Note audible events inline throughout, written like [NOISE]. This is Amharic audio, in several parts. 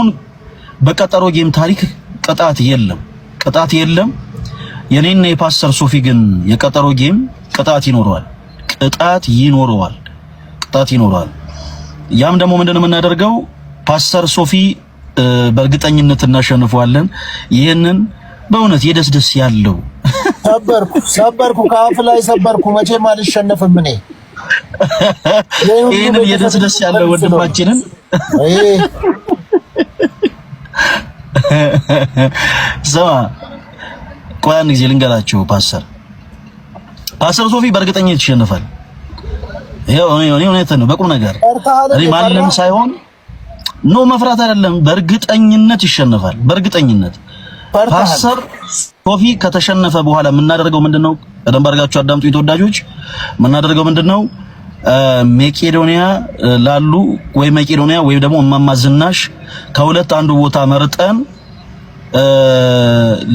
አሁን በቀጠሮ ጌም ታሪክ ቅጣት የለም፣ ቅጣት የለም። የኔና የፓስተር ሶፊ ግን የቀጠሮ ጌም ቅጣት ይኖረዋል፣ ቅጣት ይኖረዋል፣ ቅጣት ይኖረዋል። ያም ደግሞ ምንድነው የምናደርገው? ፓስተር ሶፊ በእርግጠኝነት እናሸንፈዋለን። ይህንን በእውነት የደስደስ ያለው ሰበርኩ ሰበርኩ፣ ከአፍ ላይ ሰበርኩ። መቼም አልሸነፍም እኔ ይህንን የደስደስ ያለው ወንድማችንን ስማ [LAUGHS] ቆይ አንድ ጊዜ ልንገራችሁ። ፓስተር ፓስተር ሶፊ በእርግጠኝነት ይሸነፋል። ይሄው እኔ እውነት ነው በቁም ነገር እኔ ማንም ሳይሆን ኖ መፍራት አይደለም፣ በእርግጠኝነት ይሸነፋል። በእርግጠኝነት ፓስተር ሶፊ ከተሸነፈ በኋላ የምናደርገው ምንድነው? ቀደም ባርጋችሁ አዳምጡ ተወዳጆች፣ የምናደርገው ምንድነው? መቄዶንያ ላሉ ወይ መቄዶኒያ ወይ ደግሞ እማማ ዝናሽ ከሁለት አንዱ ቦታ መርጠን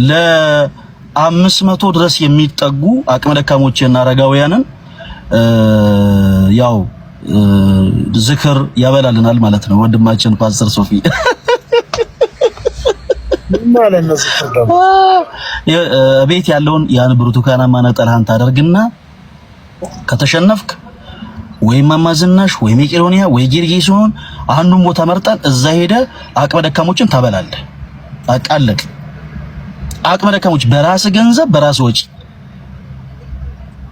ለአምስት መቶ ድረስ የሚጠጉ አቅመ ደካሞችና አረጋውያንን ያው ዝክር ያበላልናል ማለት ነው። ወንድማችን ፓስተር ሶፊ ቤት ያለውን ያን ብርቱካናማ ነጠላህን ታደርግና ከተሸነፍክ ወይም ማማዝናሽ ወይ መቄዶንያ ወይ ሲሆን አንዱን ቦታ መርጠን እዛ ሄደ አቅመ ደካሞችን ታበላለህ። በቃ አለቅ። አቅመ ደካሞች በራስ ገንዘብ በራስ ወጪ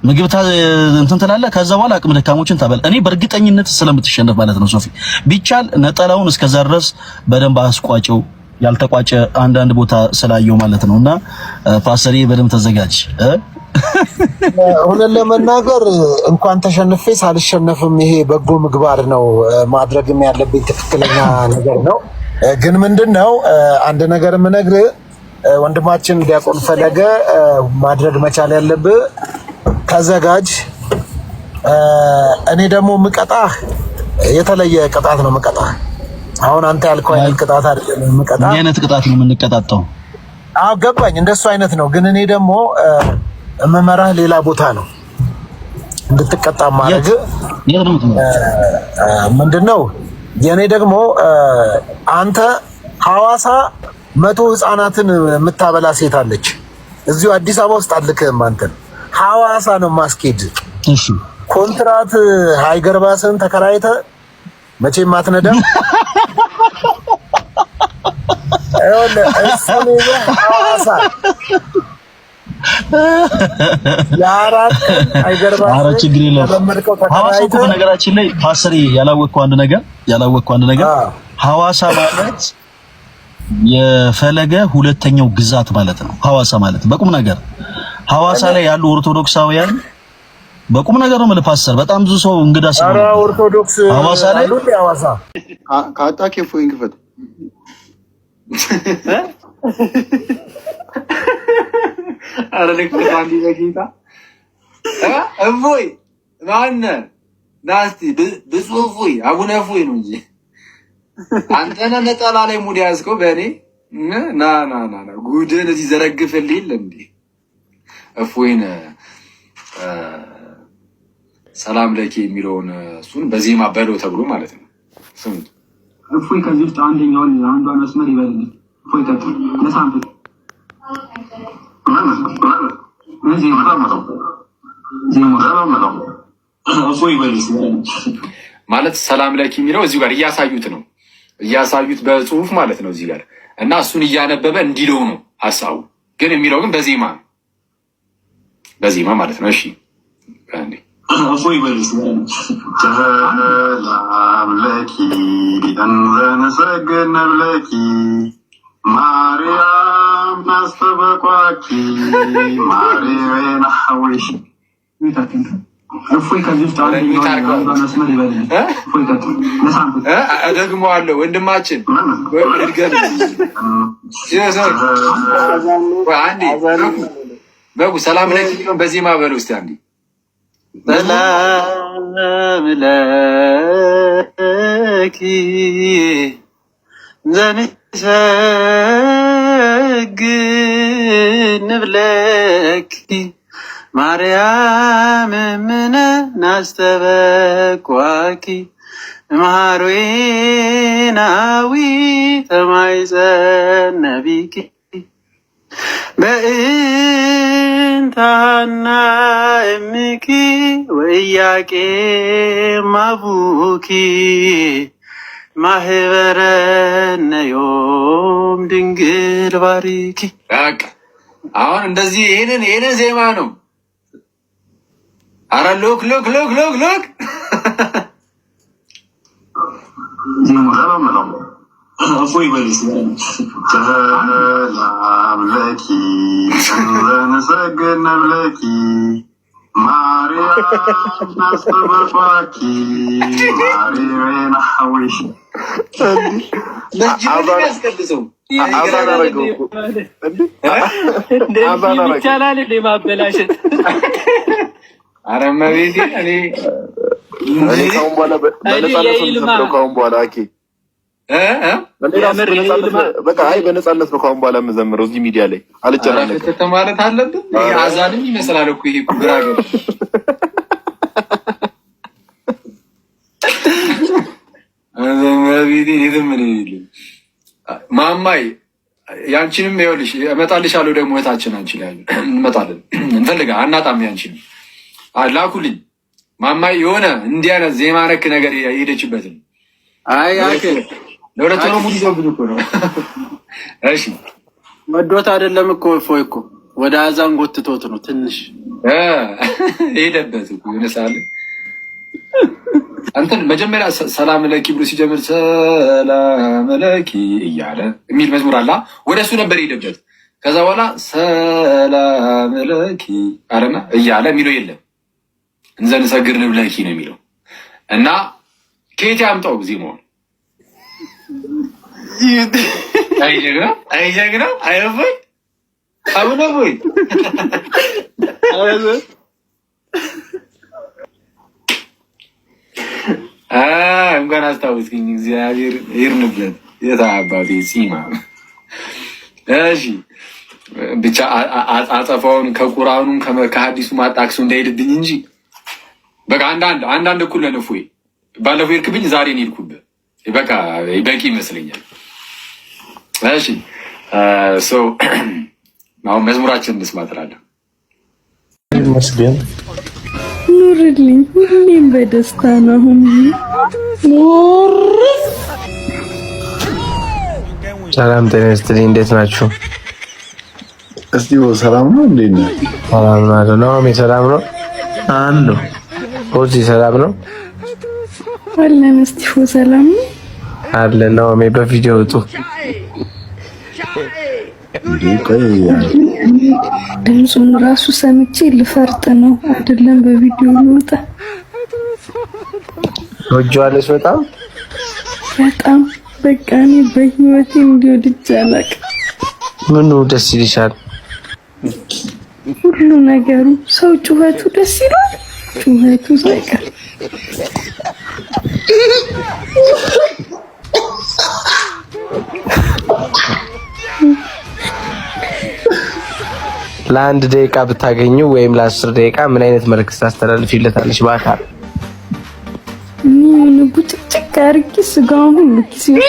ምግብ እንትን ትላለህ። ከዛ በኋላ አቅመ ደካሞችን ታበል። እኔ በእርግጠኝነት ስለምትሸነፍ ማለት ነው። ሶፊ ቢቻል ነጠላውን እስከዛ ድረስ በደንብ አስቋጨው። ያልተቋጨ አንዳንድ ቦታ ስላየው ማለት ነውና ፓስተሪ በደንብ ተዘጋጅ። እውነት ለመናገር እንኳን ተሸንፌ ሳልሸነፍም ይሄ በጎ ምግባር ነው። ማድረግም ያለብኝ ትክክለኛ ነገር ነው። ግን ምንድን ነው አንድ ነገር የምነግርህ ወንድማችን ዲያቆን ፈለገ ማድረግ መቻል ያለብህ ተዘጋጅ። እኔ ደግሞ ምቀጣህ የተለየ ቅጣት ነው ምቀጣህ። አሁን አንተ ያልከው አይነት ቅጣት አይደለም ምቀጣህ። ምን አይነት ቅጣት ነው የምንቀጣጣው? አዎ ገባኝ፣ እንደሱ አይነት ነው። ግን እኔ ደግሞ የምመራህ ሌላ ቦታ ነው እንድትቀጣ ማድረግ ምንድን ነው የእኔ ደግሞ አንተ ሐዋሳ መቶ ህፃናትን የምታበላ ሴት አለች። እዚሁ አዲስ አበባ ውስጥ አልክህም። አንተን ሐዋሳ ነው ማስኬድ። ኮንትራት ሃይገርባስን ተከራይተህ መቼም አትነዳም። [LAUGHS] ሐዋሳ ኧረ ችግር የለም። በነገራችን ላይ ፓስተር ያላወቅኩ አንድ ነገር ያላወቅኩ አንድ ነገር ሐዋሳ ማለት የፈለገ ሁለተኛው ግዛት ማለት ነው። ሐዋሳ ማለት በቁም ነገር ሐዋሳ ላይ ያሉ ኦርቶዶክሳውያን በቁም ነገር ነው የምልህ ፓስተር። በጣም ብዙ ሰው እንግዳ ሲሆን ኦርቶዶክስ ሐዋሳ ላይ ሐዋሳ ካጣ ኬፎ ይንክፈት አረ ልክ ባንዲ በጌታ እፎይ ማነ ናስቲ ብፁዕ እፎይ አቡነ እፎይ ነው እንጂ አንተነ ነጠላ ላይ ሙድ ያዝከው በእኔ ና ና ና ና ጉድን እዚህ ዘረግፍልህ የለ እንዴ እፎይን ሰላም ለኪ የሚለውን እሱን በዜማ በለው ተብሎ ማለት ነው። ስሙት እፎይ ከዚህ ውስጥ አንደኛውን አንዷን መስመር ይበልልኝ እፎይ ማለት ሰላም ለኪ የሚለው እዚሁ ጋር እያሳዩት ነው እያሳዩት በጽሁፍ ማለት ነው እዚህ ጋር እና እሱን እያነበበ እንዲለው ነው ሀሳቡ። ግን የሚለው ግን በዜማ በዜማ ማለት ነው። እሺ ሰላም ለኪ እንዘንሰግድ ማርያም ታስጠበቋች ደግሞ አለ ወንድማችን በጉ ሰላም ላይ ሲሆን በዚህ ማህበር ውስጥ አንዴ ሰላም ለኪ ዘኔ ሰግድ ንብለኪ ማርያም ምነ ናስተበቋኪ እምሃሮዌናዊ ተማይጸነቢኪ በእንታና እምኪ ወእያቄ ማቡኪ ማህበረነዮም ድንግል ባሪኪ። አሁን እንደዚህ ይህንን ይህንን ዜማ ነው። አረ ሎክ ሎክ ሎክ ሎክ ሎክ እፎይ በል ሰላም ለኪ እንዘንሰግድ ለኪ ይቻላል እንዴ ማበላሸት? አረ እኔ ከአሁን በኋላ በነፃነት ከአሁን በኋላ በነፃነት ነው ከአሁን በኋላ የምዘምረው እዚህ ሚዲያ ላይ አልጨናነቅም ማለት አለብን። አዛንም ይመስላል እኮ ይሄ ብራገር ማማይ ያንቺንም ይኸውልሽ እመጣልሻለሁ። ደግሞ እህታችን አንቺ ላይ እንመጣለን እንፈልጋ አናጣም። ያንቺንም ላኩልኝ ማማይ የሆነ እንዲህ አይነት ዜማ ነክ ነገር የሄደችበትን አይ [LAUGHS] ወዶት አይደለም እኮ እፎይ እኮ ወደ አዛን ጎትቶት ነው። ትንሽ [LAUGHS] ሄደበት ይነሳል። [LAUGHS] አንተን መጀመሪያ ሰላም ለኪ ብሎ ሲጀምር ሰላም ለኪ እያለ የሚል መዝሙር አለ። ወደ እሱ ነበር ሄደበት። ከዛ በኋላ ሰላም ለኪ አለና እያለ የሚለው የለም እንዘንሰግር ንብለኪ ነው የሚለው እና ከየት ያምጣው ጊዜ መሆን እንኳን አስታወስኝ። እግዚአብሔር ይርንበት። የታባቴ ፂማ እሺ ብቻ አጸፋውን ከቁርአኑም ከሀዲሱም አጣቅሱ እንዳይሄድብኝ እንጂ በቃ አንዳንድ አንዳንድ እኩል ነን ባለፈው ይርክብኝ ዛሬን ይልኩብህ በቃ በቂ ይመስለኛል። እሺ ሰው [CLEARS THROAT] አሁን መዝሙራችን እንስማ ትላለህ። ይመስገን ኑርልኝ፣ ሁሌም በደስታ ነው። አሁን ኑር። ሰላም ጤና ይስጥልኝ። እንዴት ናችሁ? እስቲ ሰላም ነው። እንዴት ነው? ሰላም ነው። ናኦሚ ሰላም ነው። አንዱ ሆዚ ሰላም ነው አለን። እስቲ ሰላም አለን። ናኦሚ በቪዲዮ ውጡ ድምፁን ራሱ ሰምቼ ልፈርጥ ነው አይደለም። በቪዲዮ ልወጣ ወጆዋለች። በጣም በጣም በቃ እኔ በህይወቴ እንዲወድጅ አላውቅም። ምኑ ደስ ይልሻል? ሁሉ ነገሩ ሰው ጩኸቱ ደስ ይላል። ጩኸቱ ሳይቀር ለአንድ ደቂቃ ብታገኙ ወይም ለአስር ደቂቃ ምን አይነት መልእክት ታስተላልፊለታለች? በአካል ምን ቡጭጭቅ አድርጊ ስጋውን ሁሉ ኪስ እኮ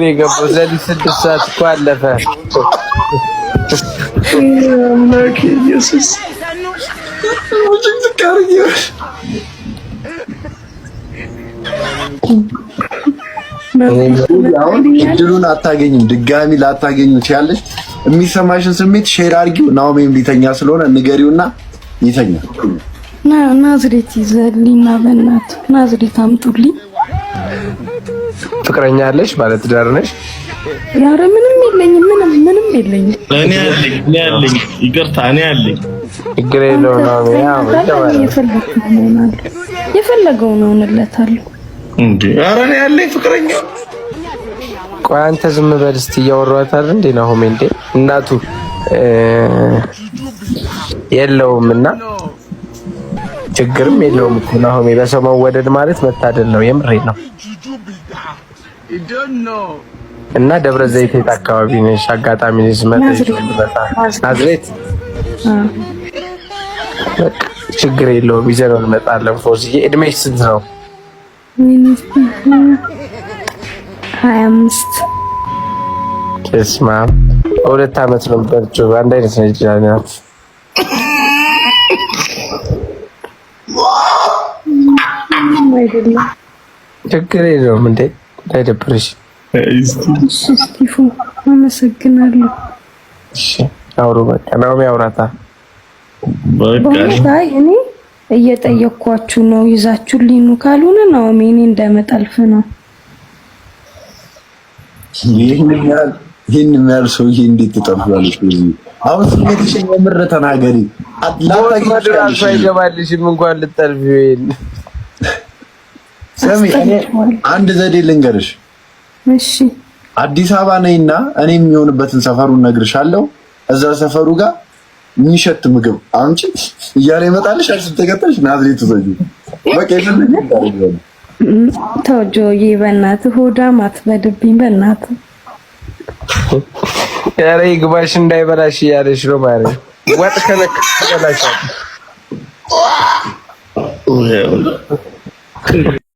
ነው የገባው። ለሊት ስድስት ሰዓት እኮ አለፈ። አምላክ ኢየሱስ አሁን እድሉን አታገኝም፣ ድጋሚ ላታገኙ ትችያለሽ። የሚሰማሽን ስሜት ሼር አድርጊው። ናውሜም ሊተኛ ስለሆነ ንገሪውና ይተኛ። ናዝሬት ይዘልኝ ና በእናት ናዝሬት አምጡልኝ። ፍቅረኛ አለሽ ማለት ትዳር ነሽ? ኧረ ምንም የለኝ፣ ምንም ምንም የለኝ። እኔ አለኝ፣ እኔ አለኝ። ይቅርታ እኔ አለኝ። ችግር የለውም። ነው እሆንለታለሁ እንዴ ኧረ እኔ ያለኝ ፍቅረኛ ቆይ አንተ ዝም በል እስቲ እያወራሁት አይደል እንዴ ናሆሜ እንዴ እናቱ የለውም እና ችግርም የለውም እኮ ናሆሜ በሰው መወደድ ማለት መታደል ነው የምሬ ነው እና ደብረ ዘይት የት አካባቢ ነሽ አጋጣሚ ነሽ መጥተሽ ናዝሬት ችግር የለውም ይዘነው እንመጣለን ፎዝዬ እድሜሽ ስንት ነው ሀያ አምስት ስማ፣ በሁለት አመት ነው የምትበልጪው። አንድ አይነት ነው ይችላልናት ችግር የለውም እንዴ እንዳይደብርሽ። ስቲፎ አመሰግናለሁ። አውሩ በቃ ናሚ አውራታ በቃ እኔ እየጠየኳችሁ ነው። ይዛችሁ ሊኑ ካልሆነ ነው ሜኔ እንደመጠልፍ ነው። ይህን የሚያል ሰውዬ እንዴት ትጠፍላለች? በዚህ አሁን ስሜትሽን የምር ተናገሪ። አይገባልሽም እንኳን ልጠልፍ ይሄን ስሚ፣ አንድ ዘዴ ልንገርሽ። እሺ አዲስ አበባ ነይና እኔ የሚሆንበትን ሰፈሩን ነግርሻለሁ። እዛ ሰፈሩ ጋር የሚሸት ምግብ አምጪ እያለ ይመጣልሽ። አንቺ ተከታሽ ናዝሬት ዘጁ በቃ ይፈልግ ተው ጆዬ፣ በእናትህ ሆዳም አትበድብኝ በእናትህ። ኧረ ይግባሽ እንዳይበላሽ እያለሽ ነው ማለት ወጥ ከነክ ይበላሻል።